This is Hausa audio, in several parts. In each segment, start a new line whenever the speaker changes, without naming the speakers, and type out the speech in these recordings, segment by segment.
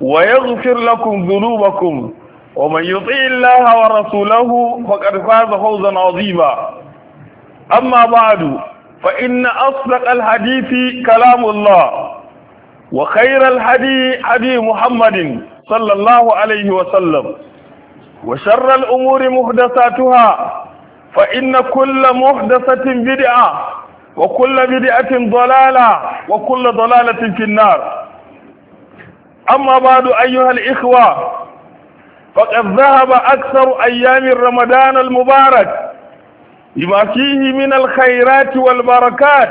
ويغفر لكم ذنوبكم ومن يطيع الله ورسوله فقد فاز فوزا عظيما أما بعد فإن أصدق الحديث كلام الله وخير الهدي هدي محمد صلى الله عليه وسلم وشر الأمور محدثاتها فإن كل محدثة بدعة وكل بدعة ضلالة وكل ضلالة في النار أما بعد أيها الإخوة فقد ذهب أكثر أيام رمضان المبارك بما فيه من الخيرات والبركات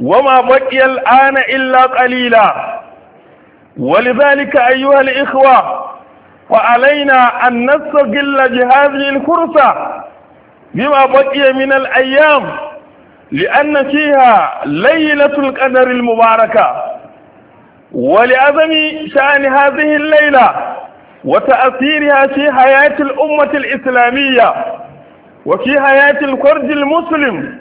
وما بقي الآن إلا قليلا ولذلك أيها الإخوة وعلينا أن نستغل بهذه الفرصة بما بقي من الأيام لأن فيها ليلة القدر المباركة ولعظم شأن هذه الليلة وتأثيرها في حياة الأمة الإسلامية وفي حياة الفرد المسلم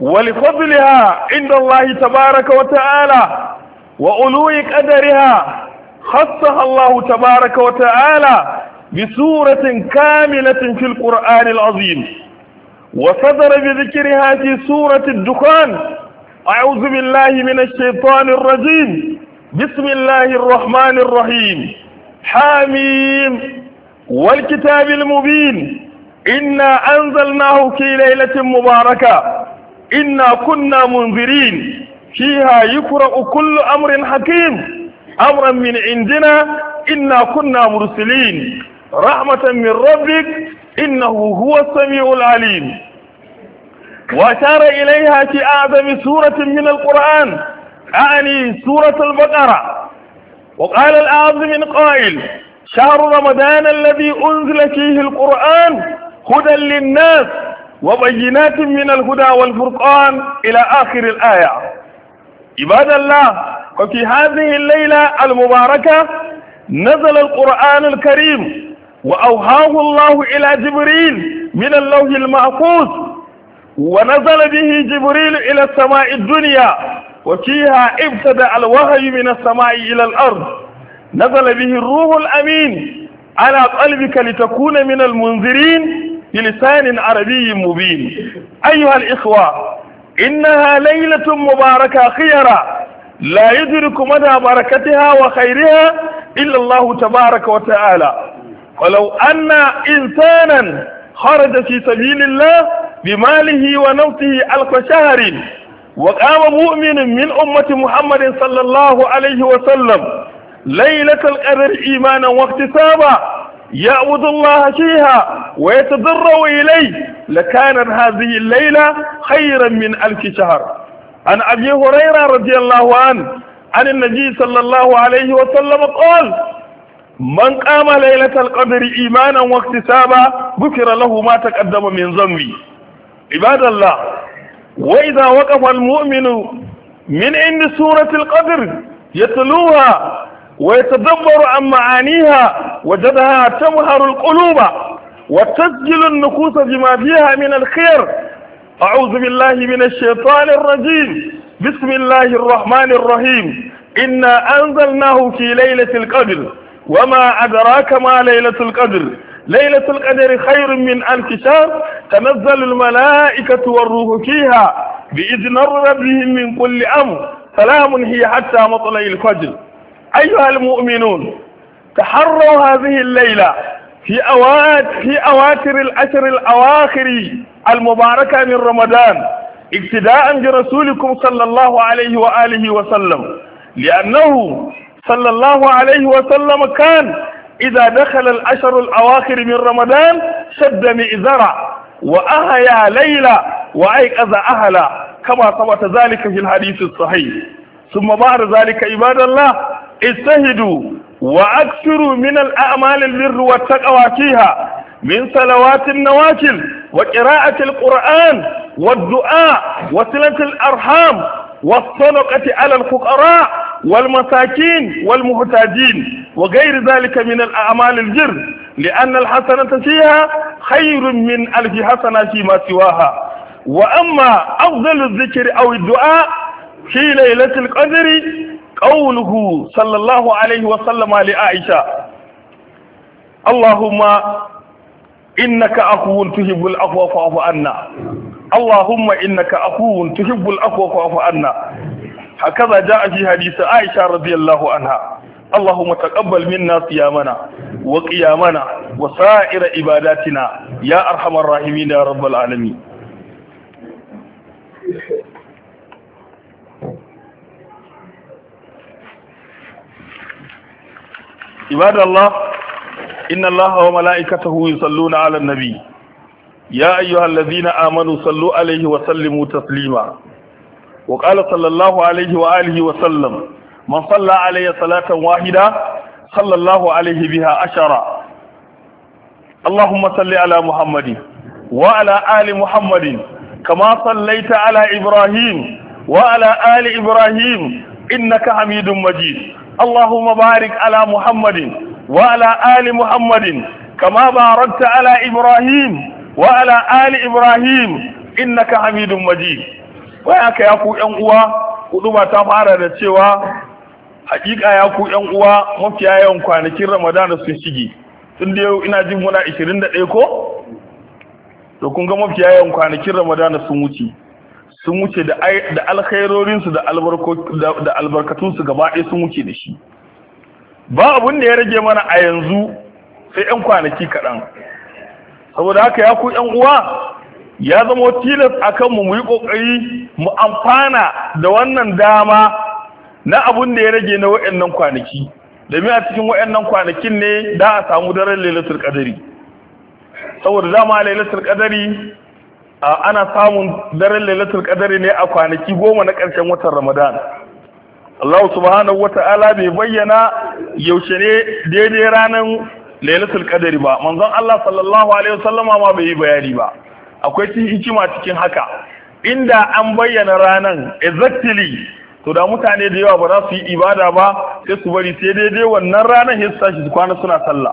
ولفضلها عند الله تبارك وتعالى وألو قدرها خصها الله تبارك وتعالى بسورة كاملة في القرآن العظيم وصدر بذكرها في سورة الدخان أعوذ بالله من الشيطان الرجيم بسم الله الرحمن الرحيم حاميم والكتاب المبين إنا أنزلناه في ليلة مباركة إنا كنا منذرين فيها يقرأ كل أمر حكيم أمرا من عندنا إنا كنا مرسلين رحمة من ربك إنه هو السميع العليم وأشار إليها في أعظم سورة من القرآن أعني سورة البقرة وقال الآظم قائل شهر رمضان الذي أنزل فيه القرآن هدى للناس وبينات من الهدى والفرقان إلى آخر الآية عباد الله وفي هذه الليلة المباركة نزل القرآن الكريم وأوهاه الله إلى جبريل من اللوح المحفوظ ونزل به جبريل إلى السماء الدنيا وفيها ابتدأ الوهي من السماء إلى الأرض نزل به الروح الأمين على قلبك لتكون من المنذرين بلسان عربي مبين أيها الإخوة إنها ليلة مباركة خيرا لا يدرك مدى بركتها وخيرها إلا الله تبارك وتعالى ولو أن إنسانا خرج في سبيل الله بماله ونوته ألف شهر وقام مؤمن من أمة محمد صلى الله عليه وسلم ليلة القدر إيمانا واكتسابا يعبد الله فيها ويتضرع إليه لكانت هذه الليلة خيرا من ألف شهر عن أبي هريرة رضي الله عنه عن النبي صلى الله عليه وسلم قال من قام ليلة القدر إيمانا واكتسابا ذكر له ما تقدم من ذنبه عباد الله وإذا وقف المؤمن من عند سورة القدر يتلوها ويتدبر عن معانيها وجدها تمهر القلوب وتسجل النفوس بما فيها من الخير أعوذ بالله من الشيطان الرجيم بسم الله الرحمن الرحيم إنا أنزلناه في ليلة القدر وما أدراك ما ليلة القدر ليلة القدر خير من ألف شهر تنزل الملائكة والروح فيها بإذن ربهم من كل أمر سلام هي حتى مطلع الفجر أيها المؤمنون تحروا هذه الليلة في أوات في أواخر الأشر الأواخر المباركة من رمضان ابتداء برسولكم صلى الله عليه وآله وسلم لأنه صلى الله عليه وسلم كان إذا دخل العشر الأواخر من رمضان شد مئزرا وأهيا ليلى وأيقظ أهلا كما ثبت ذلك في الحديث الصحيح ثم بعد ذلك عباد الله اجتهدوا وأكثروا من الأعمال البر والتقوى فيها من صلوات النوافل وقراءة القرآن والدعاء وصلة الأرحام والصدقة على الفقراء والمساكين والمحتاجين وغير ذلك من الأعمال الجر لأن الحسنة فيها خير من ألف حسنة فيما سواها وأما أفضل الذكر أو الدعاء في ليلة القدر قوله صلى الله عليه وسلم لعائشة اللهم إنك أخو تحب الأخوة فاعف عنا اللهم إنك أخو تحب الأخوة فاعف عنا هكذا جاء في حديث عائشة رضي الله عنها اللهم تقبل منا صيامنا وقيامنا وسائر عباداتنا يا أرحم الراحمين يا رب العالمين عباد الله إن الله وملائكته يصلون على النبي يا أيها الذين آمنوا صلوا عليه وسلموا تسليما وقال صلى الله عليه وآله وسلم man salla alayya salatan wahida sallallahu alaihi biha ashara اللهم صل على محمد وعلى آل محمد كما صليت على إبراهيم وعلى آل إبراهيم إنك حميد مجيد اللهم بارك على محمد وعلى آل محمد كما باركت على إبراهيم وعلى آل إبراهيم إنك حميد مجيد وياك يا أخو أنقوى قدما تفعل cewa haƙiƙa ya ku ƴan uwa mafiya yawan kwanakin Ramadan sun shige tun da yau ina jin muna 21 ko to kun ga mafiya yawan kwanakin Ramadan da sun wuce sun wuce da da alkhairorin su da albarkatun su gaba ɗaya sun wuce da shi ba abun da ya rage mana a yanzu sai ƴan kwanaki kaɗan saboda haka ya ku ƴan uwa ya zama tilas a mu mu yi ƙoƙari mu amfana da wannan dama na abun da ya rage na wa'annan kwanaki domin a cikin wa'annan kwanakin ne da a samu daren lailatul qadari saboda dama lailatul qadari ana samun daren lailatul qadari ne a kwanaki goma na ƙarshen watan ramadan Allah subhanahu wata'ala bai bayyana yaushe ne daidai ranar lailatul qadari ba manzon Allah sallallahu alaihi wasallama ma bai yi bayani ba akwai cikin hikima cikin haka inda an bayyana ranar exactly to da mutane da yawa ba za su yi ibada ba sai su bari sai daidai wannan ranar ya tashi su kwana suna sallah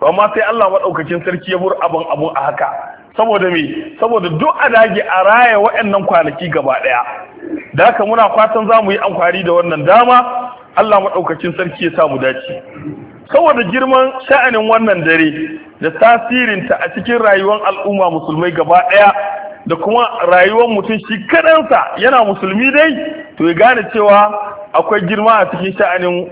to amma sai Allah madaukakin sarki ya bur abin abu a haka saboda me saboda duk a dage a raya waɗannan kwanaki gaba ɗaya da haka muna fatan za mu yi amfani da wannan dama Allah maɗaukacin sarki ya sa mu dace saboda girman sha'anin wannan dare da tasirinta a cikin rayuwar al'umma musulmai gaba ɗaya da kuma rayuwar mutum shi kaɗansa yana musulmi dai to ya gane cewa akwai girma a cikin sha'anin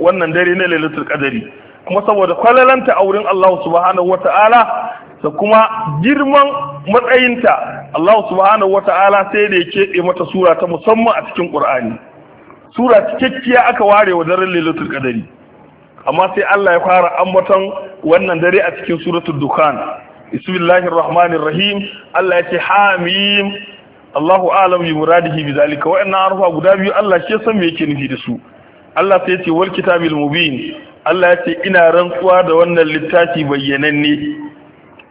wannan dare na lailatul qadari kuma saboda kwalalanta a wurin Allah subhanahu wata'ala da kuma girman matsayinta Allah subhanahu wata'ala sai da ya keɓe mata sura ta musamman a cikin Qur'ani sura cikakkiya aka ware wa daren lailatul kadari, amma sai Allah ya fara ambaton wannan dare a cikin suratul dukhan bismillahir rahmanir rahim Allah ya ce hamim Allahu a'lam bi muradihi bi zalika inna arfa guda biyu Allah shi san me yake nufi da su Allah sai ce wal kitabil mubin Allah ya ce ina rantsuwa da wannan littafi bayyananne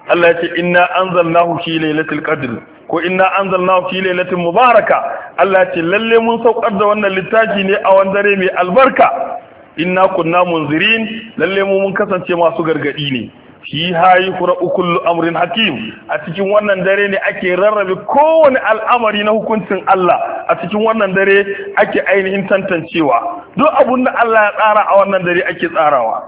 Allah ya ce inna anzalnahu fi lailatul qadr ko inna anzalnahu fi lailatin mubaraka Allah ya ce lalle mun saukar da wannan littafi ne a wani dare mai albarka inna kunna munzirin lalle mun kasance masu gargadi ne Shi hayi kura ukullu amrin hakim a cikin wannan dare ne ake rarrabe kowane al'amari na hukuncin Allah a cikin wannan dare ake ainihin tantancewa duk abun da Allah ya tsara a wannan dare ake tsarawa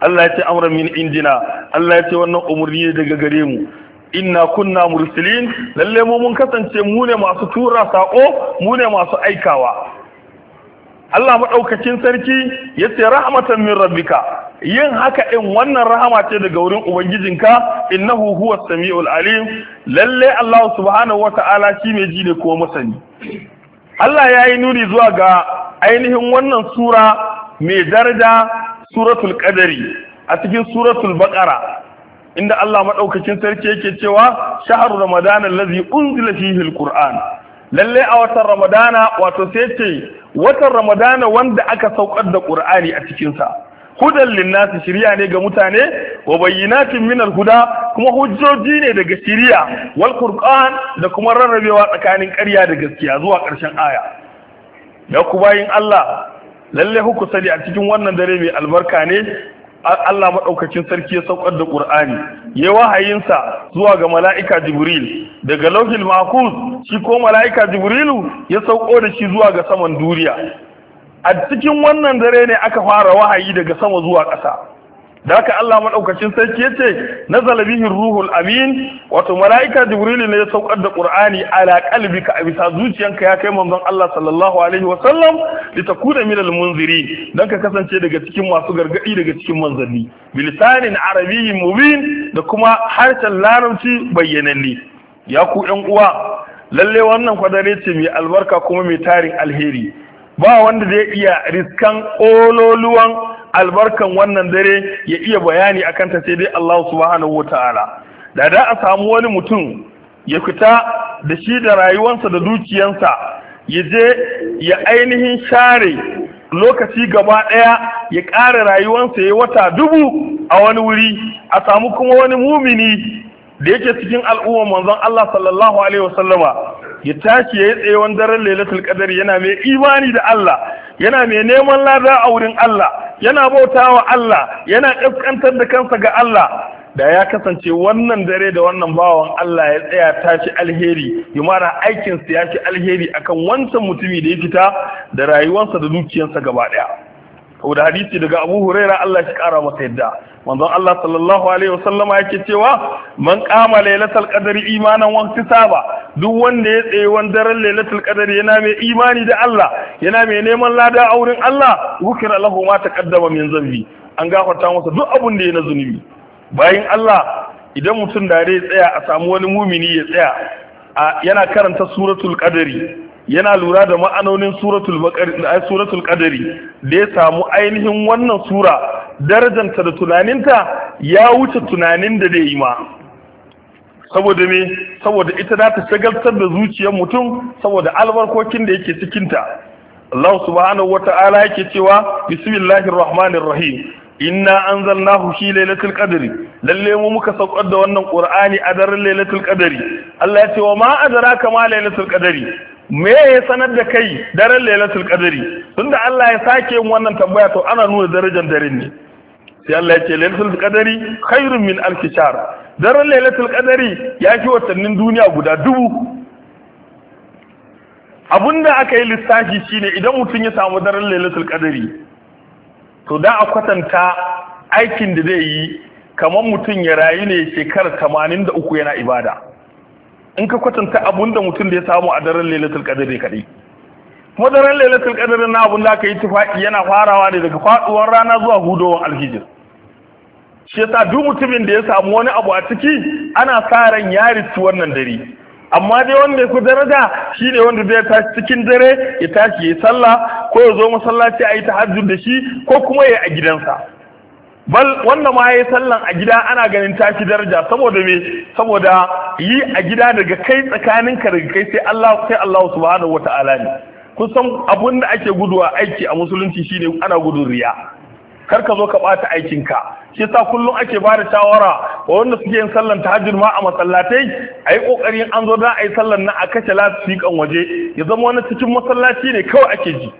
Allah ya ce amran min indina Allah ya ce wannan umurni ne daga gare mu inna kunna mursalin lalle mu mun kasance mu ne masu tura sako mu ne masu aikawa Allah maɗaukacin sarki ya ce rahmatan min rabbika yin haka in wannan rahama ce daga wurin ubangijinka innahu huwa sami'ul alim lalle Allah subhanahu wata'ala shi mai ji ne kuma masani Allah ya yi nuni zuwa ga ainihin wannan sura mai daraja suratul qadari a cikin suratul baqara inda Allah madaukakin sarki yake cewa shahru ramadana allazi unzila fihi alquran lalle a watan ramadana wato sai ce watan ramadana wanda aka saukar da qur'ani a cikin sa hudan linnasi shiriya ne ga mutane wa bayyinatin min huda kuma hujjoji ne daga shiriya wal qur'an da kuma rarrabewa tsakanin ƙarya da gaskiya zuwa ƙarshen aya ya ku bayin Allah lalle huku sani a cikin wannan dare mai albarka ne Allah maɗaukacin sarki ya saukar da Ƙur'ani ya wahayinsa zuwa ga mala'ika Jibril daga lauhil mahfuz shi ko mala'ika Jibrilu ya sauko da shi zuwa ga saman duniya a cikin wannan dare ne aka fara wahayi daga sama zuwa ƙasa da aka Allah maɗaukacin sarki ce na zalabihin ruhul amin wato malaika jibrilu ne ya saukar da qur'ani ala qalbika a bisa zuciyanka ya kai manzon Allah sallallahu alaihi wa sallam litakuna minal munziri dan ka kasance daga cikin masu gargaɗi daga cikin manzanni bilisanin arabiyyin mubin da kuma harshen larabci bayyananne ya ku ƴan uwa lalle wannan kwadare ce mai albarka kuma mai tarin alheri ba wanda zai iya riskan ololuwan albarkan wannan dare ya iya bayani a kanta sai dai Allah subhanahu ta'ala da da a samu wani mutum ya fita da shi da rayuwansa da dukiyansa ya je ya ainihin share lokaci gaba ɗaya ya ƙara rayuwansa ya wata dubu a wani wuri a samu kuma wani mumini da yake cikin al'ummar manzon Allah sallallahu alaihi wasallama ya tashi ya yi tsayewan daren lailatul qadar yana mai imani da Allah yana mai neman lada a wurin Allah yana bauta wa Allah yana ƙasƙantar da kansa ga Allah da ya kasance wannan dare da wannan bawan Allah ya tsaya tashi alheri yumara aikin sa ya ci alheri akan wancan mutumi da ya fita da rayuwarsa da dukiyarsa gaba daya da hadisi daga Abu Huraira Allah shi kara masa yadda manzon Allah sallallahu alaihi wasallama yake cewa man kama lailatul qadri imanan wa ihtisaba duk wanda ya tsaye wan daren lailatul yana mai imani da Allah yana mai neman lada a wurin Allah wukira lahu ma taqaddama min zambi an gafarta masa duk abun da ya na zunubi bayan Allah idan mutum da ya tsaya a samu wani mumini ya tsaya yana karanta suratul qadri yana lura da ma'anonin suratul suratul qadri da ya samu ainihin wannan sura darajanta da tunaninta ya wuce tunanin da zai yi ma saboda me saboda ita za ta shagaltar da zuciyar mutum saboda albarkokin da yake cikinta Allah subhanahu wata'ala yake cewa bismillahir rahmanir rahim inna anzalnahu fi lailatul qadri lalle mu muka saukar da wannan qur'ani a daren lailatul qadri Allah ya ce wa ma adraka ma lailatul qadri me ya sanar da kai daren lailatul tun da Allah ya sake yin wannan tambaya to ana nuna darajar daren ne sai Allah ya ce lailatul Qadari, khairun min alkishar shahr daren lailatul Qadari ya fi watannin duniya guda dubu abinda aka yi lissafi shine idan mutum ya samu daren lailatul Qadari, to da a kwatanta aikin da zai yi kamar mutum ya rayu ne shekarar 83 yana ibada in ka kwatanta abun da mutum da ya samu a daren lailatul qadr ne kadai kuma daren lailatul qadr na abun da aka yi tufa'i yana farawa ne daga faduwar rana zuwa hudowar alhijir shi yasa duk mutumin da ya samu wani abu a ciki ana sa ran ya wannan dare amma dai wanda ya fi daraja shi ne wanda zai tashi cikin dare ya tashi ya yi sallah ko ya zo masallaci a yi tahajjud da shi ko kuma ya yi a gidansa bal wanda ma yayi sallan a gida ana ganin tashi daraja saboda me saboda yi a gida daga kai tsakanin ka daga kai sai Allah sai Allah subhanahu wata'ala ne kusan abun da ake guduwa aiki a musulunci shine ana gudun riya kar ka zo ka bata aikin ka shi yasa kullum ake bada shawara wa wanda suke yin sallan tahajjud ma a masallatai ayi kokarin an zo da ayi sallan na a kashe lasifikan waje ya zama wani cikin masallaci ne kawai ake ji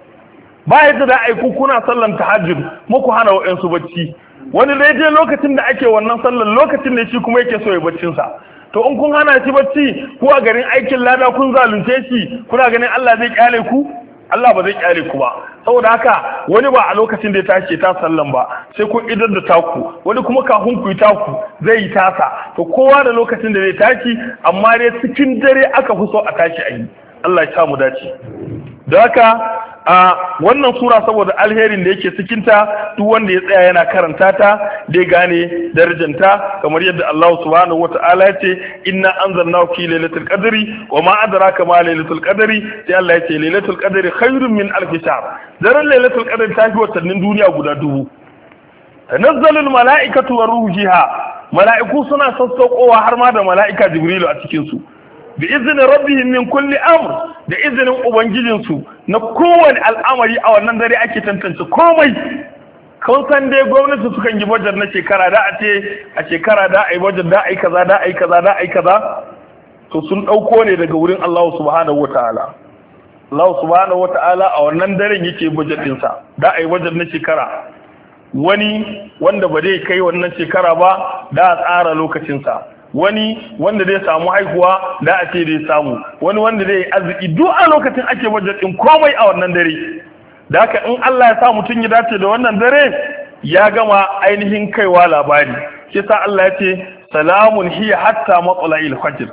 ba yadda da ai ku kuna sallan tahajjud muku hana wa'ansu bacci wani daidai lokacin da ake wannan sallar lokacin da shi kuma yake so ya baccinsa to in kun hana shi bacci ko a garin aikin lada kun zalunce shi kuna ganin Allah zai kyale ku Allah ba zai kyale ku ba saboda haka wani ba a lokacin da ya tashi ta sallan ba sai kun idar da taku wani kuma kafin ku yi taku zai yi tasa to kowa da lokacin da zai tashi amma dai cikin dare aka fi so a tashi a yi Allah ya sa mu dace da haka a wannan sura saboda alherin da yake cikinta duk wanda ya tsaya yana karanta ta dai gane darajanta kamar yadda Allah subhanahu wata'ala ya ce inna anzalnahu fi lailatul qadri wa ma adraka ma lailatul qadri sai Allah ya ce lailatul qadri khairun min alf shahr daren lailatul qadri ta fi watannin duniya guda dubu tanazzalul mala'ikatu wa ruhu mala'iku suna sassaukowa har ma da mala'ika jibrilu a cikin su bi izinin rabbihim min kulli amr da izinin ubangijinsu na kowane al'amari a wannan dare ake tantance komai kun san dai gwamnati sukan yi bajar na shekara da a ce a shekara da a yi bajar da a yi kaza da a yi kaza da a yi kaza to sun ɗauko ne daga wurin Allah subhanahu wa ta'ala Allah subhanahu wa ta'ala a wannan daren yake bajar ɗinsa da a yi bajar na shekara wani wanda ba zai kai wannan shekara ba da a tsara lokacinsa wani wanda zai samu haihuwa da a ce zai samu wani wanda zai arziki duk a lokacin ake wajen ɗin komai a wannan dare da haka in Allah ya sa mutum ya dace da wannan dare ya gama ainihin kaiwa labari shi sa Allah ya ce salamun hiya hatta matsala'il fajr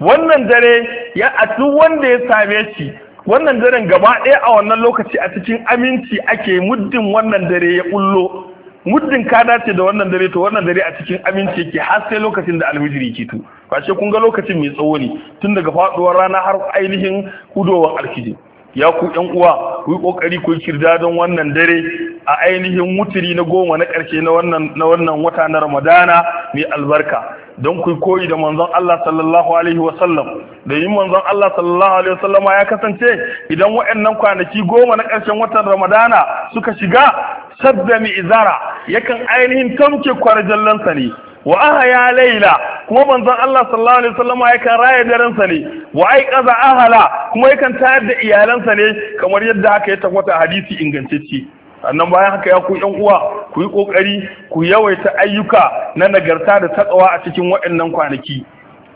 wannan dare ya a duk wanda ya same shi wannan daren gaba ɗaya a wannan lokaci a cikin aminci ake muddin wannan dare ya bullo muddin ka dace da wannan dare to wannan dare a cikin aminci yake har sai lokacin da alhijiri ke tu kwace kun ga lokacin mai tsawo ne tun daga faduwar rana har ainihin hudowar alhijiri ya ku yan uwa ku yi kokari ku kirda don wannan dare a ainihin mutiri na goma na karshe na wannan na wannan wata na Ramadana mai albarka don ku koyi da manzon Allah sallallahu alaihi wasallam da yin manzon Allah sallallahu alaihi wasallama ya kasance idan waɗannan kwanaki goma na ƙarshen watan Ramadana suka shiga sadda mi izara yakan ainihin tamke kwarjallansa ne wa aha ya laila kuma manzon Allah sallallahu alaihi wasallam yakan raya darensa ne wa ai qaza ahala kuma yakan tayar da iyalansa ne kamar yadda haka ya tabbata hadisi ingantacce annan bayan haka ya ku yan uwa ku yi kokari ku yawaita ayyuka na nagarta da takawa a cikin waɗannan kwanaki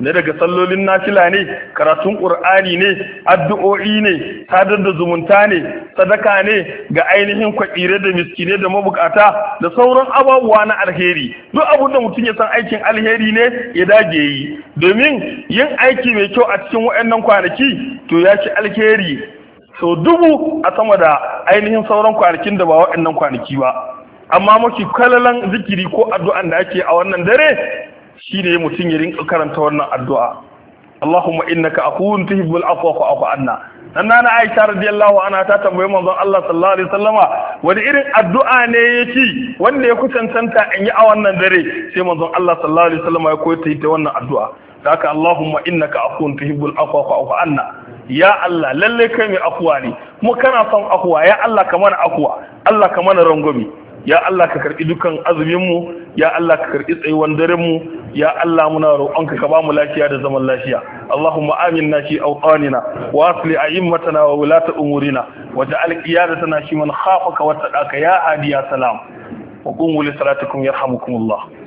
Ne daga sallolin nafila ne karatun ƙur'ani ne addu'o'i ne sadar da zumunta ne sadaka ne ga ainihin kwaɗire da miskine da mabukata da sauran ababuwa na alheri duk abin da mutum ya san aikin alheri ne ya dage yi domin yin aiki mai kyau a cikin waɗannan kwanaki to ya ci alheri sau dubu a sama da ainihin sauran kwanakin da ba waɗannan kwanaki ba amma mafi kalalan zikiri ko addu'an da ake a wannan dare Shi ne mutum ya rinka karanta wannan addu'a Allahumma innaka aqul tuhibbul afwa fa'fu anna dan na Aisha radiyallahu anha ta tambaye manzon Allah sallallahu alaihi wasallama wani irin addu'a ne yake wanda ya kusantanta in yi a wannan dare sai manzon Allah sallallahu alaihi wasallama ya koyar ta yi ta wannan addu'a haka Allahumma innaka aqul tuhibbul afwa fa'fu anna ya Allah lalle kai mai afuwa ne kuma kana son afuwa ya Allah ka mana afuwa Allah ka mana rangwami ya Allah ka karbi dukan azumin mu ya Allah ka karbi tsayuwan daren mu ya Allah muna roƙonka ka bamu lafiya da zaman lafiya Allahumma aminna shi awqanina wa asli a'immatana wa wulata umurina waj'al qiyadatana shi man khafaka wattaqaka ya hadi ya salam وقوموا لصلاتكم يرحمكم الله